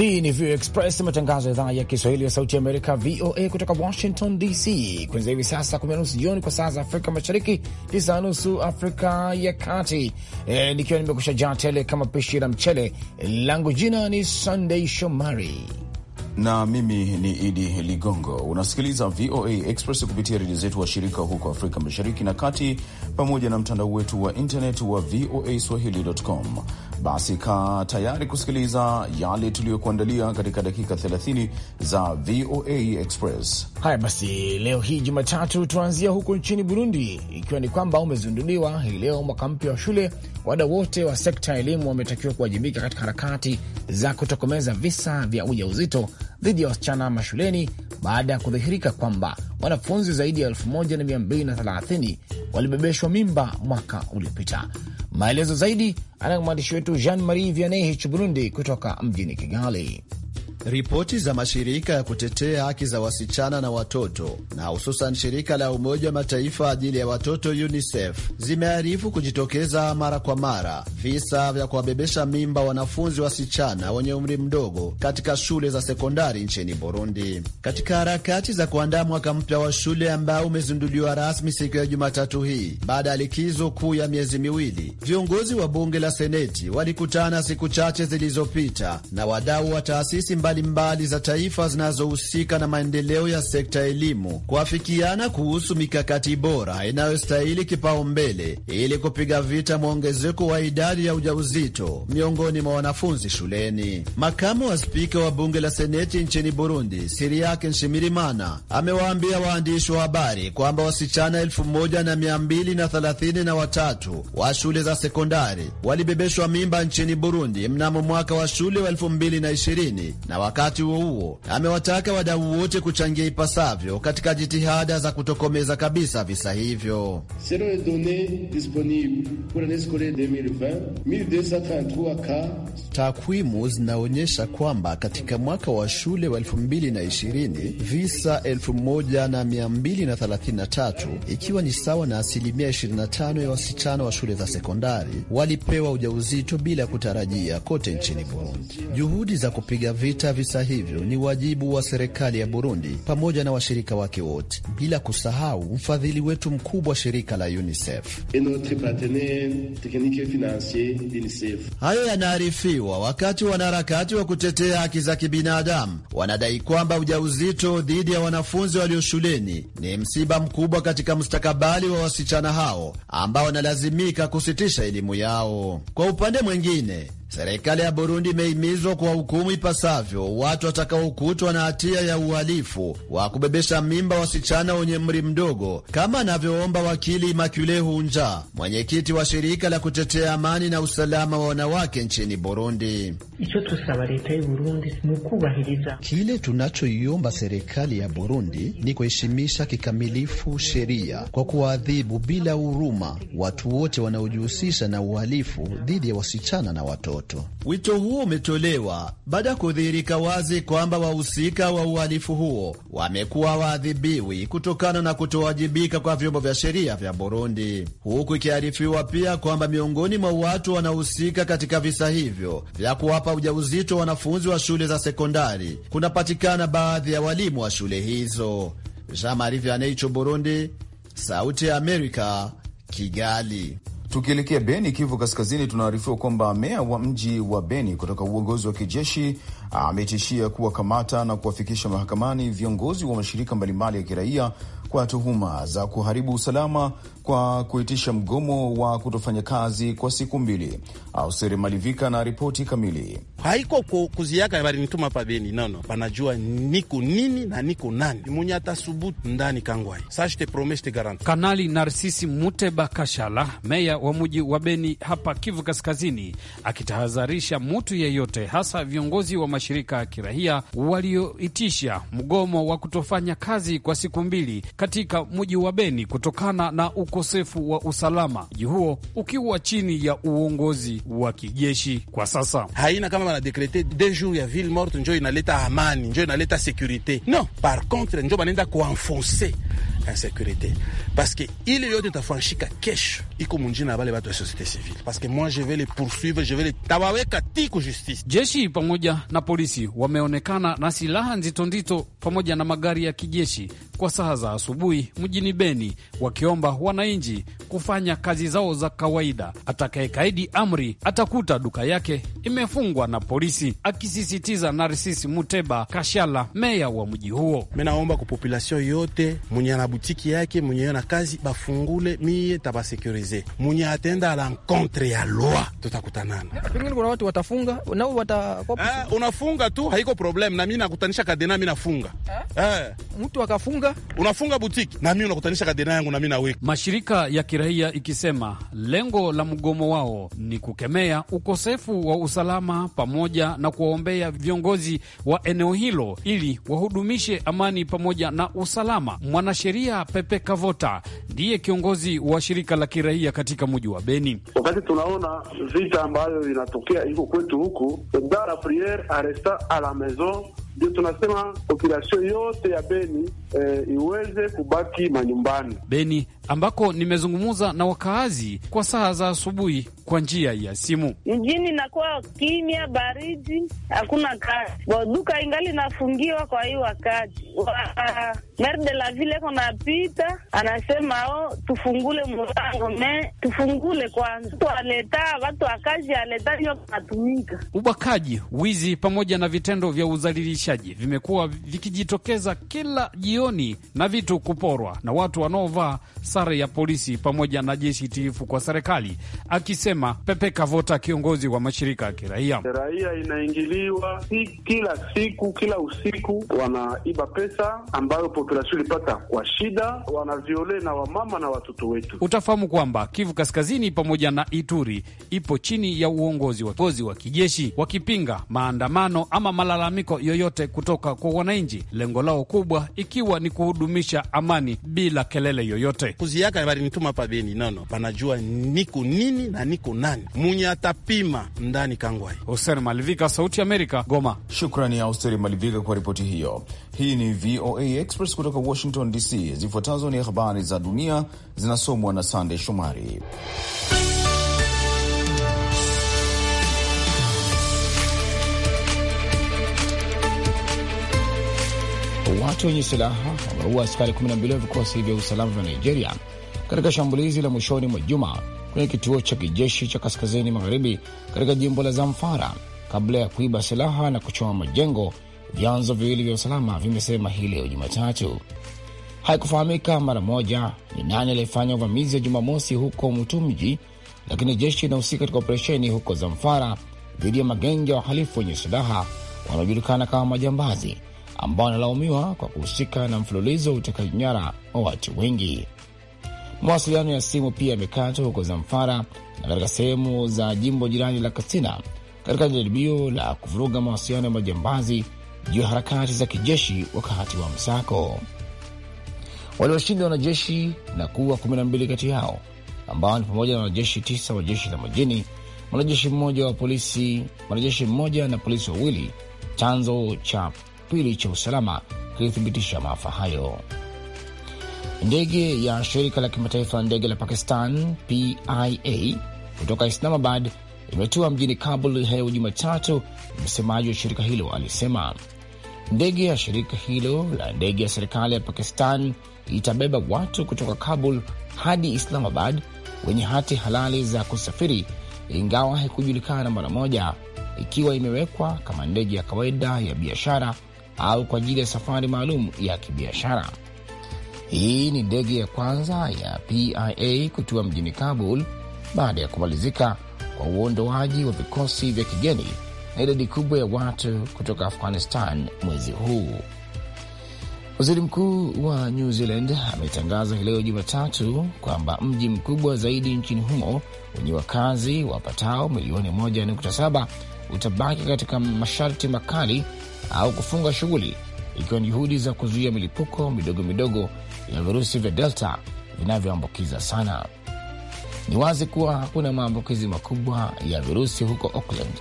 Hii ni VOA Express, matangazo ya idhaa ya Kiswahili ya Sauti Amerika, VOA kutoka Washington DC, kuanzia hivi sasa kumi na nusu jioni kwa saa za Afrika Mashariki, tisa na nusu Afrika ya Kati. E, nikiwa nimekusha jaa tele kama pishi la mchele langu. Jina ni Sunday Shomari na mimi ni Idi Ligongo. Unasikiliza VOA Express kupitia redio zetu wa shirika huko Afrika Mashariki na Kati, pamoja na mtandao wetu wa internet wa voa swahili.com. Basi kaa tayari kusikiliza yale tuliyokuandalia katika dakika 30 za VOA Express. Haya basi, leo hii Jumatatu tuanzia huko nchini Burundi, ikiwa ni kwamba umezinduliwa hii leo mwaka mpya wa shule. Wadau wote wa sekta ya elimu wametakiwa kuwajibika katika harakati za kutokomeza visa vya ujauzito dhidi ya wasichana mashuleni baada ya kudhihirika kwamba wanafunzi zaidi ya 1230 walibebeshwa mimba mwaka uliopita. Maelezo zaidi anayo mwandishi wetu Jean Marie Vianney Burundi, kutoka mjini Kigali. Ripoti za mashirika ya kutetea haki za wasichana na watoto na hususan shirika la Umoja wa Mataifa ajili ya watoto UNICEF zimearifu kujitokeza mara kwa mara visa vya kuwabebesha mimba wanafunzi wasichana wenye umri mdogo katika shule za sekondari nchini Burundi. Katika harakati za kuandaa mwaka mpya wa shule ambao umezinduliwa rasmi siku ya Jumatatu hii baada ya likizo kuu ya miezi miwili, viongozi wa bunge la seneti walikutana siku chache zilizopita na wadau wa taasisi mba mbalimbali za taifa zinazohusika na maendeleo ya sekta ya elimu kuafikiana kuhusu mikakati bora inayostahili kipaumbele ili kupiga vita mwongezeko wa idadi ya ujauzito miongoni mwa wanafunzi shuleni. Makamu wa spika wa bunge la seneti nchini Burundi, Siriake Nshimirimana, amewaambia waandishi wa habari kwamba wasichana elfu moja na mia mbili na thelathini na watatu wa shule za sekondari walibebeshwa mimba nchini Burundi mnamo mwaka wa shule wa elfu mbili na ishirini na wakati huo huo amewataka wadau wote kuchangia ipasavyo katika jitihada za kutokomeza kabisa visa hivyo. Takwimu zinaonyesha kwamba katika mwaka wa shule wa 2020 visa 1233 ikiwa ni sawa na asilimia 25 ya wasichana wa shule za sekondari walipewa ujauzito bila kutarajia kote nchini Burundi. Juhudi za kupiga vita kukomesha visa hivyo ni wajibu wa serikali ya Burundi pamoja na washirika wake wote, bila kusahau mfadhili wetu mkubwa shirika la UNICEF. Hayo yanaarifiwa wakati wanaharakati wa kutetea haki za kibinadamu wanadai kwamba ujauzito dhidi ya wanafunzi walio shuleni ni msiba mkubwa katika mustakabali wa wasichana hao ambao wanalazimika kusitisha elimu yao. Kwa upande mwingine Serikali ya Burundi imehimizwa kwa hukumu ipasavyo watu watakaokutwa na hatia ya uhalifu wa kubebesha mimba wasichana wenye umri mdogo, kama anavyoomba wakili Makule Hunja, mwenyekiti wa shirika la kutetea amani na usalama wa wanawake nchini Burundi. Kile tunachoiomba serikali ya Burundi ni kuheshimisha kikamilifu sheria kwa kuwaadhibu bila huruma watu wote wanaojihusisha na uhalifu dhidi ya wasichana na watoto watoto. Wito huo umetolewa baada ya kudhihirika wazi kwamba wahusika wa uhalifu huo wamekuwa waadhibiwi kutokana na kutowajibika kwa vyombo vya sheria vya Burundi, huku ikiarifiwa pia kwamba miongoni mwa watu wanaohusika katika visa hivyo vya kuwapa ujauzito wanafunzi wa shule za sekondari kunapatikana baadhi ya walimu wa shule hizo. Jean Marie Vianney, Burundi, Sauti ya Amerika, Kigali. Tukielekea Beni, Kivu Kaskazini, tunaarifiwa kwamba meya wa mji wa Beni kutoka uongozi wa kijeshi ah, ametishia kuwakamata na kuwafikisha mahakamani viongozi wa mashirika mbalimbali ya kiraia kwa tuhuma za kuharibu usalama kwa kuitisha mgomo wa kutofanya kazi kwa siku mbili. Auseri Malivika na ripoti kamili. Haiko kuziaka balinituma pa Beni nono, panajua niko nini na niko nani mwenye atasubutu ndani kangwai sashte promeste garant. Kanali Narsisi Muteba Kashala, meya wa muji wa Beni hapa Kivu Kaskazini, akitahadharisha mutu yeyote, hasa viongozi wa mashirika ya kirahia walioitisha mgomo wa kutofanya kazi kwa siku mbili katika muji wa Beni kutokana na uko ukosefu wa usalama, mji huo ukiwa chini ya uongozi wa kijeshi kwa sasa. Haina kama banadekrete de jours ya ville morte njo inaleta amani, njo inaleta sekurite. No, par contre njo banenda kuenfonse insécurité parce ya securite paske ile yote itafanshika kesho iko munjina ya bale batu de société civile, parce que moi je vais les poursuivre, je vais les tawaweka tiku justice. Jeshi pamoja na polisi wameonekana na silaha nzito nzito pamoja na magari ya kijeshi kwa saa za asubuhi mjini Beni, wakiomba wananchi kufanya kazi zao za kawaida. Atakayekaidi amri atakuta duka yake imefungwa na polisi, akisisitiza Narsisi Muteba Kashala, meya wa mji huo. Minaomba kupopulasion yote mwenye anabu boutique yake mwenye na kazi bafungule, mie tabasekurize. Mwenye atenda la kontre ya loi tutakutanana, pengine kuna watu watafunga na watakopa. Eh, unafunga tu haiko problem, na mimi nakutanisha kadena, mimi nafunga eh? eh, mtu akafunga, unafunga boutique na mimi unakutanisha kadena yangu na mimi naweka. Mashirika ya kiraia ikisema lengo la mgomo wao ni kukemea ukosefu wa usalama pamoja na kuwaombea viongozi wa eneo hilo ili wahudumishe amani pamoja na usalama. mwanasheria Maria Pepe Kavota ndiye kiongozi wa shirika la kiraia katika mji wa Beni. Wakati tunaona vita ambayo inatokea iko kwetu huku, la priere aresta a la maison ndio tunasema populasio yote ya Beni e, iweze kubaki manyumbani. Beni ambako nimezungumza na wakaazi kwa saa za asubuhi kwa njia ya simu. Mjini inakuwa kimya, baridi, hakuna kazi, duka ingali inafungiwa. Kwa hii wakati merde la vile anasema o, oh, tufungule mulango me tufungule kwanza, twaleta watu kazi aleta nyo kunatumika. Ubakaji, wizi pamoja na vitendo vya uzalilishaji vimekuwa vikijitokeza kila jioni na vitu kuporwa na watu wanaovaa sare ya polisi pamoja na jeshi tiifu kwa serikali, akisema Pepe Kavota, kiongozi wa mashirika ya kiraia. Raia inaingiliwa si kila siku, kila usiku wanaiba pesa ambayo populasio ilipata kwa shida, wanaviole na wamama na watoto wetu. Utafahamu kwamba Kivu Kaskazini pamoja na Ituri ipo chini ya uongozi wa wa kijeshi, wakipinga maandamano ama malalamiko yoyote kutoka kwa wananchi, lengo lao kubwa ikiwa ni kuhudumisha amani bila kelele yoyote banauziaka balinituma pa Beni nono, panajua niko nini na niko nani munye atapima ndani kangwai. Hoser Malivika, Sauti Amerika, Goma. Shukrani ya Hoser Malivika kwa ripoti hiyo. Hii ni VOA Express kutoka Washington DC. Zifuatazo ni habari za dunia zinasomwa na Sandey Shomari. watu wenye silaha wameua askari 12 wa vikosi vya usalama vya Nigeria katika shambulizi la mwishoni mwa juma kwenye kituo cha kijeshi cha kaskazini magharibi katika jimbo la Zamfara kabla ya kuiba silaha na kuchoma majengo, vyanzo viwili vya usalama vimesema hii leo Jumatatu. Haikufahamika mara moja ni nani aliyefanya uvamizi wa Jumamosi huko Mutumji, lakini jeshi linahusika katika operesheni huko Zamfara dhidi ya magenge ya wahalifu wenye silaha wanaojulikana kama majambazi ambao wanalaumiwa kwa kuhusika na mfululizo wa utekaji nyara wa watu wengi. Mawasiliano ya simu pia yamekatwa huko Zamfara na katika sehemu za jimbo jirani la Katsina katika jaribio la kuvuruga mawasiliano ya majambazi juu ya harakati za kijeshi wakati wa msako. Waliwashinda wanajeshi na kuwa 12 kati yao ambao ni pamoja na wanajeshi tisa wa jeshi la majini, mwanajeshi mmoja wa polisi, mwanajeshi mmoja na polisi wawili, chanzo cha pili cha usalama kilithibitisha maafa hayo. Ndege ya shirika la kimataifa la ndege la Pakistan PIA kutoka Islamabad imetua mjini Kabul leo Jumatatu, msemaji wa shirika hilo alisema. Ndege ya shirika hilo la ndege ya serikali ya Pakistan itabeba watu kutoka Kabul hadi Islamabad wenye hati halali za kusafiri, ingawa haikujulikana mara moja ikiwa imewekwa kama ndege ya kawaida ya biashara au kwa ajili ya safari maalum ya kibiashara. Hii ni ndege ya kwanza ya PIA kutua mjini Kabul baada ya kumalizika kwa uondoaji wa vikosi vya kigeni na idadi kubwa ya watu kutoka Afghanistan mwezi huu. Waziri mkuu wa New Zealand ametangaza hileo leo Jumatatu kwamba mji mkubwa zaidi nchini humo wenye wakazi wapatao milioni 1.7 utabaki katika masharti makali au kufunga shughuli, ikiwa ni juhudi za kuzuia milipuko midogo midogo ya virusi vya Delta vinavyoambukiza sana. Ni wazi kuwa hakuna maambukizi makubwa ya virusi huko Auckland,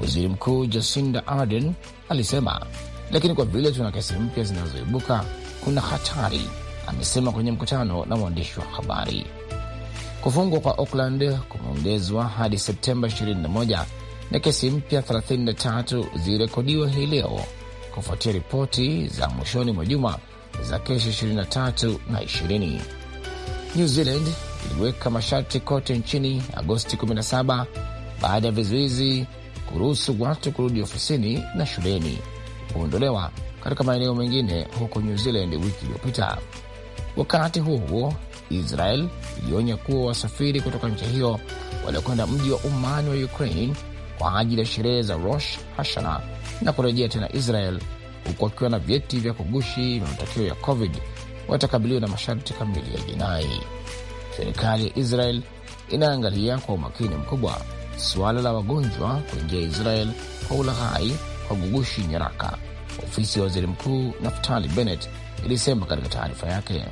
waziri mkuu Jacinda Ardern alisema, lakini kwa vile tuna kesi mpya zinazoibuka, kuna hatari, amesema kwenye mkutano na mwandishi wa habari. Kufungwa kwa Auckland kumeongezwa hadi Septemba 21 na kesi mpya 33 zilirekodiwa hii leo kufuatia ripoti za mwishoni mwa juma za kesi 23 na 20. New Zealand iliweka masharti kote nchini Agosti 17 baada ya vizuizi kuruhusu watu kurudi ofisini na shuleni kuondolewa katika maeneo mengine huko New Zealand wiki iliyopita. Wakati huo huo, Israel ilionya kuwa wasafiri kutoka nchi hiyo waliokwenda mji wa Umani wa Ukraine kwa ajili ya sherehe za Rosh Hashana na kurejea tena Israel, huku wakiwa na vyeti vya kugushi vya matokeo ya COVID watakabiliwa na masharti kamili ya jinai. Serikali ya Israel inaangalia kwa umakini mkubwa suala la wagonjwa kuingia Israel kwa ulaghai kwa gugushi nyaraka, ofisi ya waziri mkuu Naftali Bennett ilisema katika taarifa yake.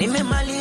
nimemaliza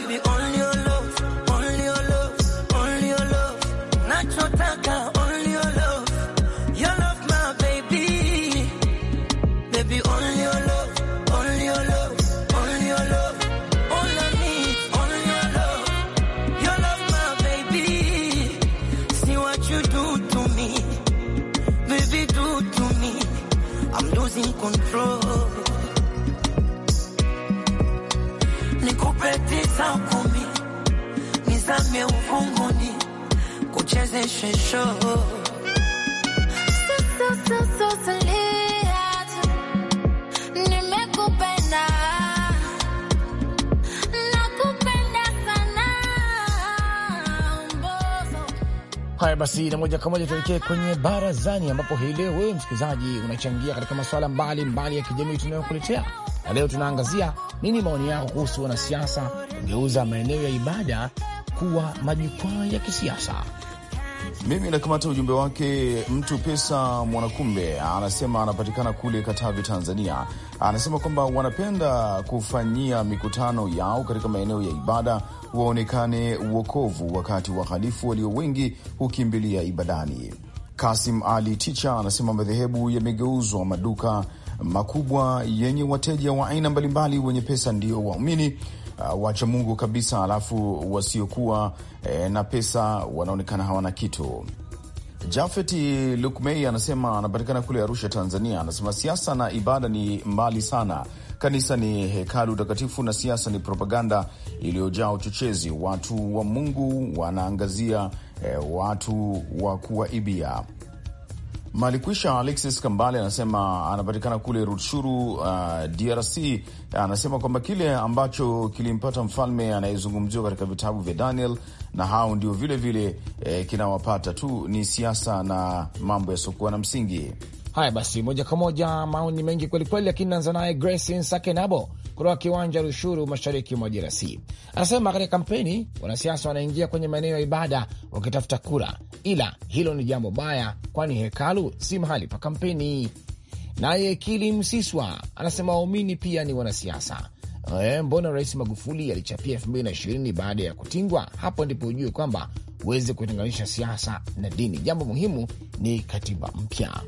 baby. Oh, Haya basi, na moja kwa moja tuelekee kwenye barazani, ambapo hii leo wewe msikilizaji unachangia katika masuala mbalimbali ya kijamii tunayokuletea, na leo tunaangazia nini maoni yako kuhusu wanasiasa kugeuza maeneo ya ibada kuwa majukwaa ya kisiasa. Mimi nakamata ujumbe wake. Mtu pesa Mwanakumbe anasema anapatikana kule Katavi, Tanzania. Anasema kwamba wanapenda kufanyia mikutano yao katika maeneo ya ibada waonekane uokovu, wakati wahalifu walio wengi hukimbilia ibadani. Kasim Ali Ticha anasema madhehebu yamegeuzwa maduka makubwa yenye wateja wa aina mbalimbali, wenye pesa ndio waumini uh, mungu kabisa, alafu wasiokuwa eh, na pesa wanaonekana hawana kitu. Jafeti Lukmei anasema anapatikana kule Arusha, Tanzania. Anasema siasa na ibada ni mbali sana. Kanisa ni hekalu takatifu na siasa ni propaganda iliyojaa uchochezi. Watu wa Mungu wanaangazia eh, watu wa kuwaibia. Malikwisha Alexis Kambale anasema anapatikana kule Rutshuru, uh, DRC. Anasema kwamba kile ambacho kilimpata mfalme anayezungumziwa katika vitabu vya Daniel na hao ndio vilevile eh, kinawapata tu, ni siasa na mambo yasiokuwa na msingi. Haya basi, moja kwa moja maoni mengi kwelikweli, lakini naanza naye Grace Sakenabo kutoka kiwanja Rushuru, mashariki mwa DRC. Anasema katika kampeni wanasiasa wanaingia kwenye maeneo ya ibada wakitafuta kura, ila hilo ni jambo baya, kwani hekalu si mahali pa kampeni. Naye Kili Msiswa anasema waumini pia ni wanasiasa. E, mbona Rais Magufuli alichapia elfu mbili na ishirini baada ya kutingwa? Hapo ndipo ujue kwamba huwezi kutenganisha siasa na dini. Jambo muhimu ni katiba mpya.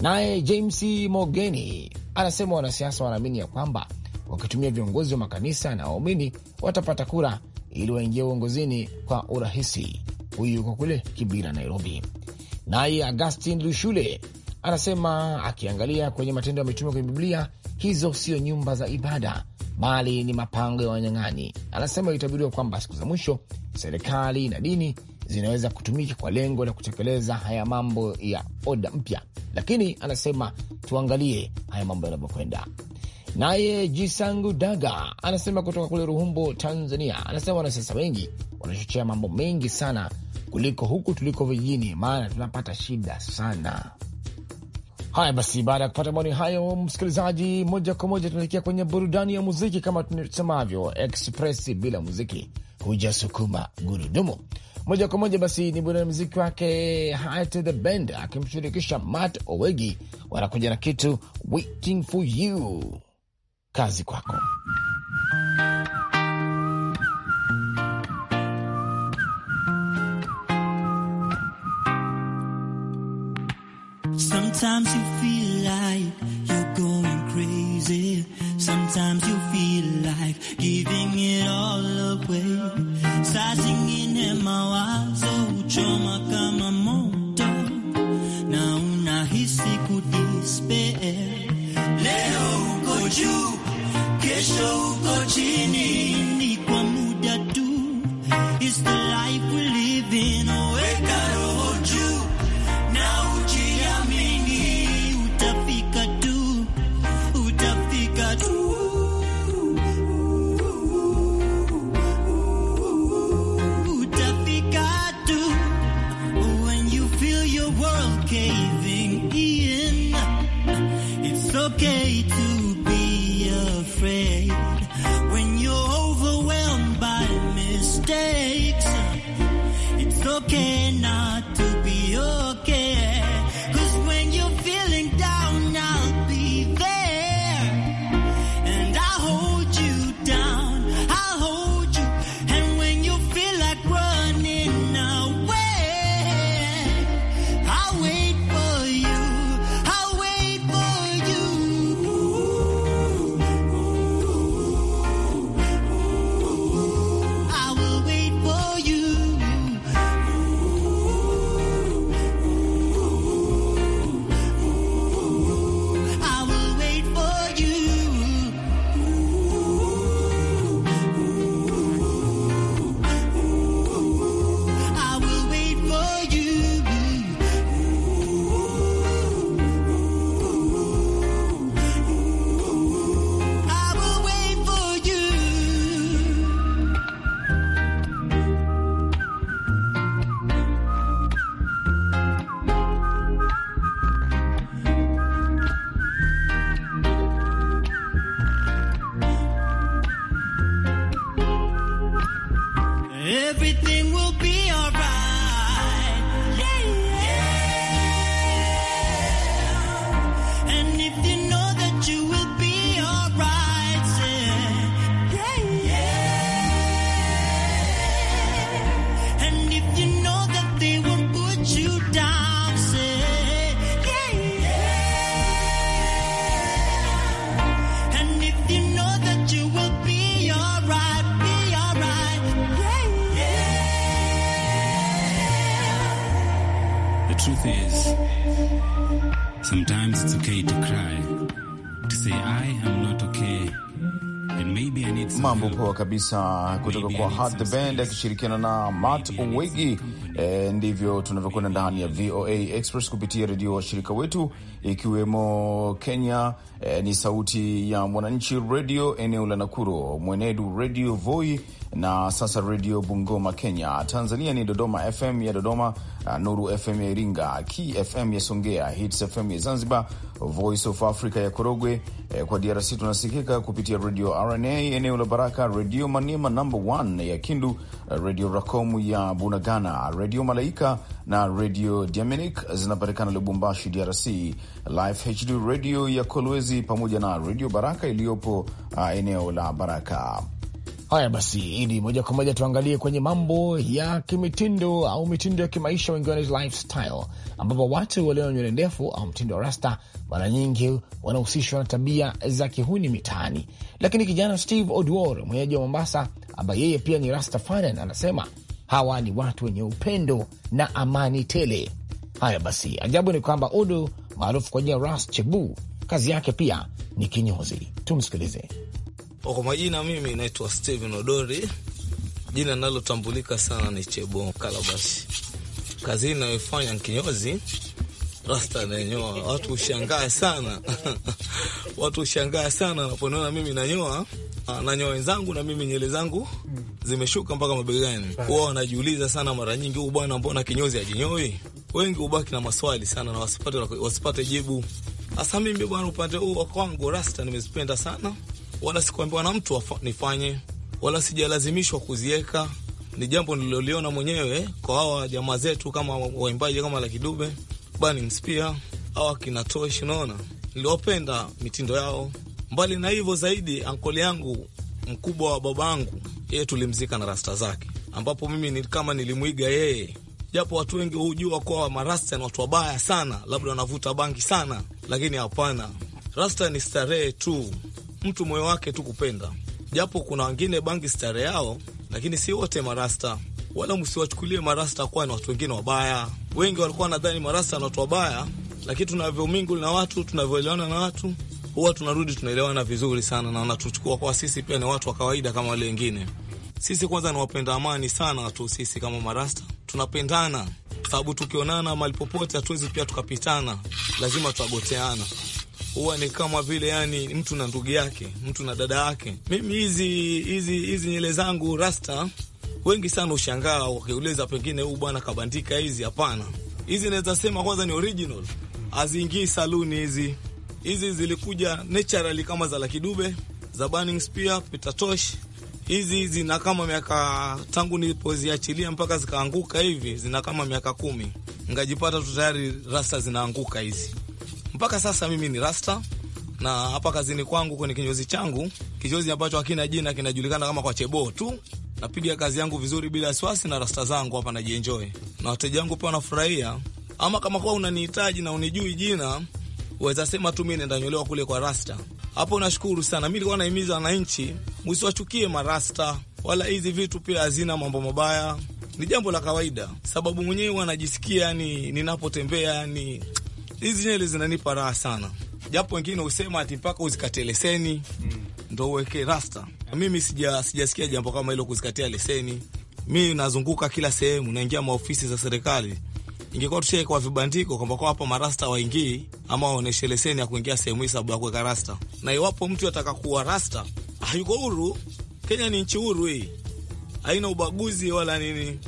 Naye James Mogeni anasema wanasiasa wanaamini ya kwamba wakitumia viongozi wa makanisa na waumini watapata kura ili waingia uongozini kwa urahisi. Huyu yuko kule Kibira, Nairobi. Naye Augustin Lushule anasema akiangalia kwenye Matendo ya Mitume kwenye Biblia, hizo sio nyumba za ibada, bali ni mapango ya wanyang'anyi. Anasema itabiriwa kwamba siku za mwisho serikali na dini zinaweza kutumika kwa lengo la kutekeleza haya mambo ya oda mpya, lakini anasema tuangalie haya mambo yanavyokwenda. Naye Jisangu Daga anasema kutoka kule Ruhumbo, Tanzania, anasema wanasiasa wengi wanachochea mambo mengi sana kuliko huku tuliko vijijini, maana tunapata shida sana. Haya basi, baada ya kupata maoni hayo, msikilizaji, moja kwa moja tunaelekea kwenye burudani ya muziki. Kama tunasemavyo express, bila muziki hujasukuma gurudumu. Moja kwa moja basi ni burudani muziki wake Heart the Band akimshirikisha Matt Owegi, wanakuja na kitu waiting for you. Sometimes you feel like you're going crazy. Sometimes you feel like giving it all away. Sizing in my okay too. The truth is, sometimes it's okay to cry, to say I am not okay. Mambo poa kabisa kutoka kwa Hart the Band akishirikiana na Matt Owegi. E, ndivyo tunavyokwenda ndani ya VOA Express kupitia redio washirika wetu ikiwemo Kenya e, ni Sauti ya Mwananchi redio eneo la Nakuru, Mwenedu radio Voi na sasa redio Bungoma Kenya. Tanzania ni Dodoma FM ya Dodoma, uh, Nuru FM ya Iringa, KFM ya Songea, Hits FM ya Zanzibar, Voice of Africa ya Korogwe. Eh, kwa DRC tunasikika kupitia redio RNA eneo la Baraka, redio Maniema namba 1 ya Kindu, uh, redio Rakomu ya Bunagana, redio Malaika na redio Dominic zinapatikana Lubumbashi, DRC, Life HD redio ya Kolwezi pamoja na redio Baraka iliyopo uh, eneo la Baraka. Haya basi, Idi, moja kwa moja tuangalie kwenye mambo ya kimitindo au mitindo ya kimaisha, wengi wanaita lifestyle, ambapo watu walio na nywele ndefu au mtindo wa rasta mara nyingi wanahusishwa na tabia za kihuni mitaani. Lakini kijana Steve odwor mwenyeji wa Mombasa, ambaye yeye pia ni Rastafarian, anasema hawa ni watu wenye upendo na amani tele. Haya basi, ajabu ni kwamba Odo maarufu kwa jina Ras Chebu, kazi yake pia ni kinyozi. Tumsikilize. Kwa kwa majina, mimi naitwa Steven Odori, jina linalotambulika sana ni Chebo Kalabashi. Kazi inayofanya kinyozi rasta nanyoa, watu hushangaa sana watu hushangaa sana wanaponiona mimi nanyoa ah, na nyoa wenzangu na mimi nyele zangu zimeshuka mpaka mabegani. Wao wanajiuliza sana mara nyingi, huyu bwana mbona kinyozi ajinyoi? Wengi hubaki na maswali sana na wasipate, wasipate jibu. Hasa mimi bwana, upande huu wa kwangu rasta nimezipenda sana wala sikuambiwa na mtu nifanye, wala sijalazimishwa kuziweka. Ni jambo nililoliona mwenyewe eh, kwa hawa jamaa zetu, kama waimbaji kama Lucky Dube, Bani Mspia au akina Tosh. Unaona, niliwapenda mitindo yao. Mbali na hivyo, zaidi ankoli yangu mkubwa wa babangu, yeye tulimzika na rasta zake, ambapo mimi ni kama nilimwiga yeye japo watu wengi hujua kuwa marasta ni watu wabaya sana, labda wanavuta bangi sana, lakini hapana. Rasta ni starehe tu, mtu moyo wake tu kupenda, japo kuna wengine bangi stare yao, lakini si wote marasta, wala msiwachukulie marasta kuwa ni watu wengine wabaya. Wengi walikuwa nadhani marasta ni watu wabaya, lakini tunavyomingu na watu, tunavyoelewana na watu huwa tunarudi tunaelewana vizuri sana, na wanatuchukua kwa sisi pia ni watu wa kawaida kama wale wengine. Sisi kwanza ni wapenda amani sana watu, sisi kama marasta tunapendana, sababu tukionana mali popote hatuwezi pia tukapitana, lazima tuagoteana huwa ni kama vile yani mtu na ndugu yake, mtu na dada yake. Mimi hizi hizi hizi nyele zangu rasta, wengi sana ushangaa wakiuliza, pengine huyu bwana kabandika hizi. Hapana, hizi naweza sema kwanza ni original, haziingii saluni hizi. Hizi zilikuja naturally kama za Lucky Dube, za Burning Spear, Peter Tosh hizi zina kama miaka tangu nilipoziachilia mpaka zikaanguka hivi, zina kama miaka kumi. Ngajipata tu tayari rasta zinaanguka hizi. Mpaka sasa mimi ni rasta na hapa kazini kwangu kwenye kinyozi changu, kinyozi ambacho hakina jina, kinajulikana kama kwa Chebo tu. Napiga kazi yangu vizuri bila wasiwasi na rasta zangu hapa, najienjoy na wateja wangu pia wanafurahia. Ama kama kwa unanihitaji na unijui jina, uweza sema tu mimi nenda nyolewa kule kwa rasta. Hapo nashukuru sana. Mimi nilikuwa nahimiza wananchi msiwachukie marasta, wala hizi vitu pia hazina mambo mabaya, ni jambo la kawaida, sababu mwenyewe wanajisikia yani, ninapotembea yani hizi nywele zinanipa raha sana, japo wengine husema ati mpaka uzikate leseni mm. ndo uweke rasta. yeah. Mimi sija sijasikia jambo kama hilo, kuzikatia leseni. Mi nazunguka kila sehemu, naingia maofisi za serikali ingekuwa tushaekwa vibandiko kwamba kwa hapa marasta waingii ama waoneshe leseni ya kuingia sehemu hii sababu ya kuweka rasta. Na iwapo mtu ataka kuwa rasta hayuko huru. Kenya ni nchi huru hii, haina ubaguzi wala nini.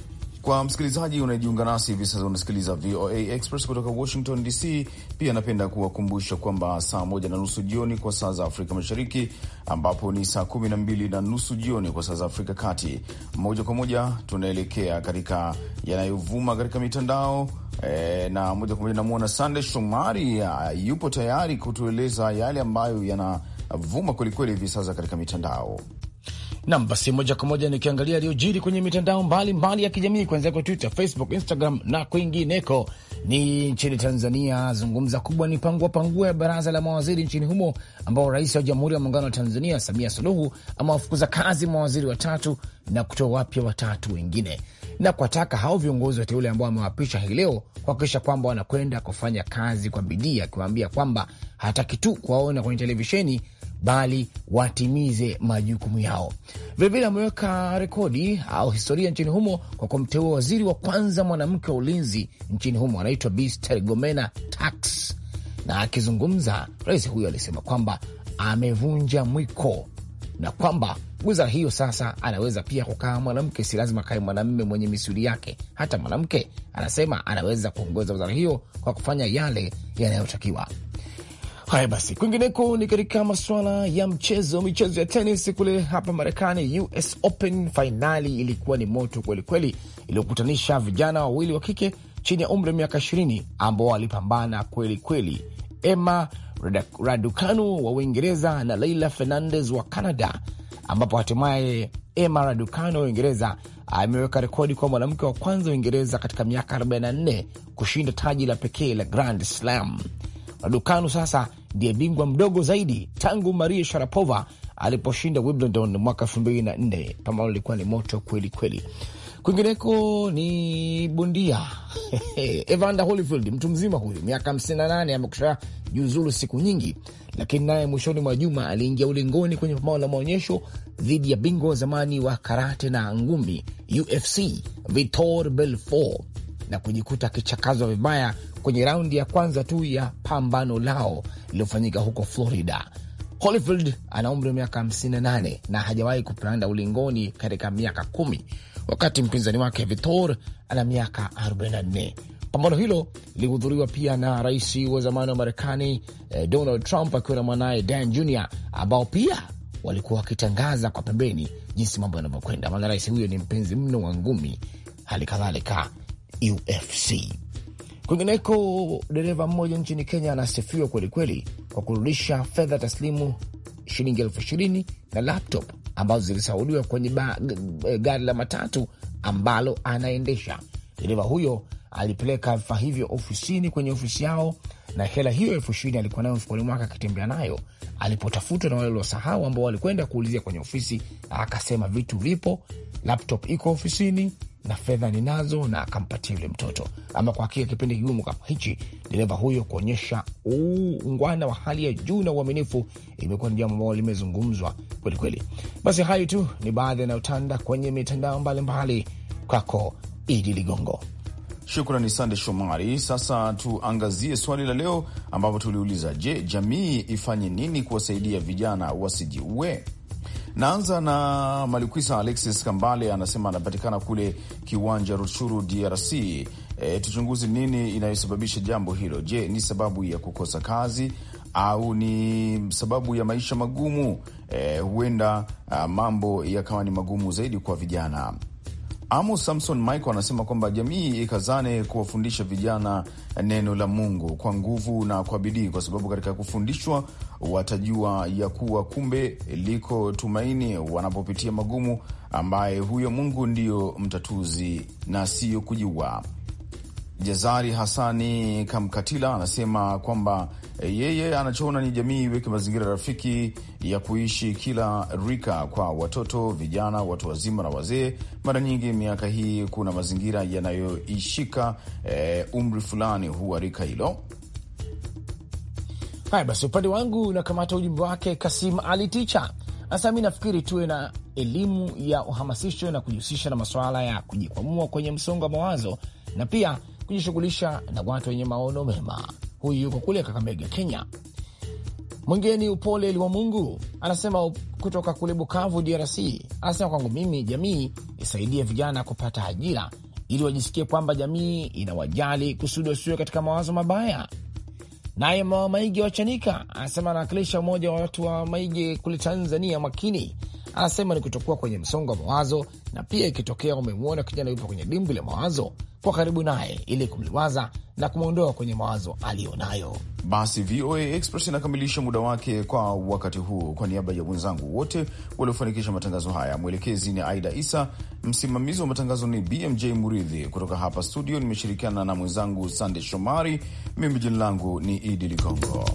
Kwa msikilizaji unayejiunga nasi hivi sasa, unasikiliza VOA Express kutoka Washington DC. Pia napenda kuwakumbusha kwamba saa moja na nusu jioni kwa saa za Afrika Mashariki, ambapo ni saa kumi na mbili na nusu jioni kwa saa za Afrika Kati. Moja kwa moja tunaelekea katika yanayovuma katika mitandao e, na moja kwa moja namwona Sande Shomari yupo tayari kutueleza yale ambayo yanavuma kwelikweli hivi sasa katika mitandao. Nam basi, moja kwa moja nikiangalia yaliyojiri kwenye mitandao mbalimbali mbali ya kijamii, kuanzia kwa Twitter, Facebook, Instagram na kwingineko. Ni nchini Tanzania, zungumza kubwa ni pangua pangua ya baraza la mawaziri nchini humo, ambao rais wa Jamhuri ya Muungano wa Tanzania Samia Suluhu amewafukuza kazi mawaziri watatu na kutoa wapya watatu wengine, na kuwataka hao viongozi wateule ambao amewapisha hii leo kuhakikisha kwamba wanakwenda kufanya kazi kwa bidii, akiwaambia kwamba hataki tu kuwaona kwenye televisheni bali watimize majukumu yao. Vilevile ameweka rekodi au historia nchini humo kwa kumteua waziri wa kwanza mwanamke wa ulinzi nchini humo, anaitwa Bi Stergomena Tax. Na akizungumza, rais huyo alisema kwamba amevunja mwiko na kwamba wizara hiyo sasa anaweza pia kukaa mwanamke, si lazima kae mwanamme mwenye misuli yake. Hata mwanamke anasema anaweza kuongoza wizara hiyo kwa kufanya yale yanayotakiwa. Haya basi, kwingineko ni katika masuala ya mchezo, michezo ya tenis kule hapa Marekani. US Open fainali ilikuwa ni moto kwelikweli, iliyokutanisha vijana wawili wa kike chini ya umri wa miaka ishirini ambao walipambana kweli kweli, Emma Raducanu wa Uingereza na Leila Fernandez wa Canada, ambapo hatimaye Emma Raducanu wa Uingereza ameweka rekodi kwa mwanamke wa kwanza Uingereza katika miaka 44 kushinda taji la pekee la Grand Slam. Raducanu sasa ndiye bingwa mdogo zaidi tangu Maria Sharapova aliposhinda Wimbledon mwaka elfu mbili na nne ambalo lilikuwa ni moto kweli kweli. Kwingineko ni bondia Evander Holyfield, mtu mzima huyu, miaka 58 amekusha juzulu siku nyingi, lakini naye mwishoni mwa juma aliingia ulingoni kwenye pambano la maonyesho dhidi ya bingwa wa zamani wa karate na ngumi UFC Vitor Belfort na kujikuta akichakazwa vibaya kwenye raundi ya kwanza tu ya pambano lao lililofanyika huko Florida. Holyfield ana umri wa miaka 58 na hajawahi kupanda ulingoni katika miaka kumi, wakati mpinzani wake Vitor ana miaka 44. Pambano hilo lilihudhuriwa pia na rais wa zamani wa Marekani eh, Donald Trump akiwa na mwanaye Dan Jr ambao pia walikuwa wakitangaza kwa pembeni jinsi mambo yanavyokwenda, maana rais huyo ni mpenzi mno wa ngumi, hali kadhalika UFC. Kwingineko, dereva mmoja nchini Kenya anasifiwa kwelikweli kwa kurudisha fedha taslimu shilingi elfu ishirini na laptop ambazo zilisauliwa kwenye eh, gari la matatu ambalo anaendesha. Dereva huyo alipeleka vifaa hivyo ofisini, kwenye ofisi yao, na hela hiyo elfu ishirini alikuwa nayo mfukoni mwake akitembea nayo, alipotafutwa na wale waliosahau ambao walikwenda kuulizia kwenye ofisi, akasema vitu vipo, laptop iko ofisini, na fedha ninazo, na akampatia yule mtoto. Ama kwa hakika kipindi kigumu kama hichi, dereva huyo kuonyesha uungwana wa hali ya juu na uaminifu imekuwa ni jambo ambalo limezungumzwa kwelikweli. Basi hayo tu ni baadhi yanayotanda kwenye mitandao mbalimbali. Kwako Idi Ligongo. Shukrani sande Shomari. Sasa tuangazie swali la leo ambapo tuliuliza, je, jamii ifanye nini kuwasaidia vijana wasijiue? Naanza na Malikwisa Alexis Kambale, anasema anapatikana kule kiwanja Rushuru, DRC. E, tuchunguze nini inayosababisha jambo hilo. Je, ni sababu ya kukosa kazi au ni sababu ya maisha magumu? E, huenda a, mambo yakawa ni magumu zaidi kwa vijana. Amos Samson Michael anasema kwamba jamii ikazane kuwafundisha vijana neno la Mungu kwa nguvu na kwa bidii, kwa sababu katika kufundishwa watajua ya kuwa kumbe liko tumaini wanapopitia magumu, ambaye huyo Mungu ndiyo mtatuzi na siyo kujiua. Jazari Hasani Kamkatila anasema kwamba eh, yeye anachoona ni jamii iweke mazingira rafiki ya kuishi kila rika, kwa watoto, vijana, watu wazima na wazee. Mara nyingi miaka hii kuna mazingira yanayoishika e, umri fulani huwa rika hilo. Haya basi, upande wangu unakamata ujumbe wake. Kasim Ali Ticha hasa mi nafikiri tuwe na elimu ya uhamasisho na kujihusisha na masuala ya kujikwamua kwenye msongo wa mawazo na pia kujishughulisha na watu wenye maono mema. Huyu yuko kule Kakamega, Kenya. Mwingeni Upole Liwa Mungu anasema kutoka kule Bukavu, DRC, anasema kwangu mimi jamii isaidie vijana kupata ajira ili wajisikie kwamba jamii inawajali kusudi wasiwe katika mawazo mabaya. Naye Mawa Maige Wachanika anasema anawakilisha umoja wa watu wa Maige kule Tanzania. Makini anasema ni kutokuwa kwenye msongo wa mawazo, na pia ikitokea umemwona kijana yupo kwenye dimbwi la mawazo, kwa karibu naye ili kumliwaza na kumwondoa kwenye mawazo aliyonayo. Basi VOA Express inakamilisha muda wake kwa wakati huu. Kwa niaba ya wenzangu wote waliofanikisha matangazo haya, mwelekezi ni Aida Isa, msimamizi wa matangazo ni BMJ Muridhi. Kutoka hapa studio nimeshirikiana na mwenzangu Sande Shomari. Mimi jina langu ni Idi Ligongo.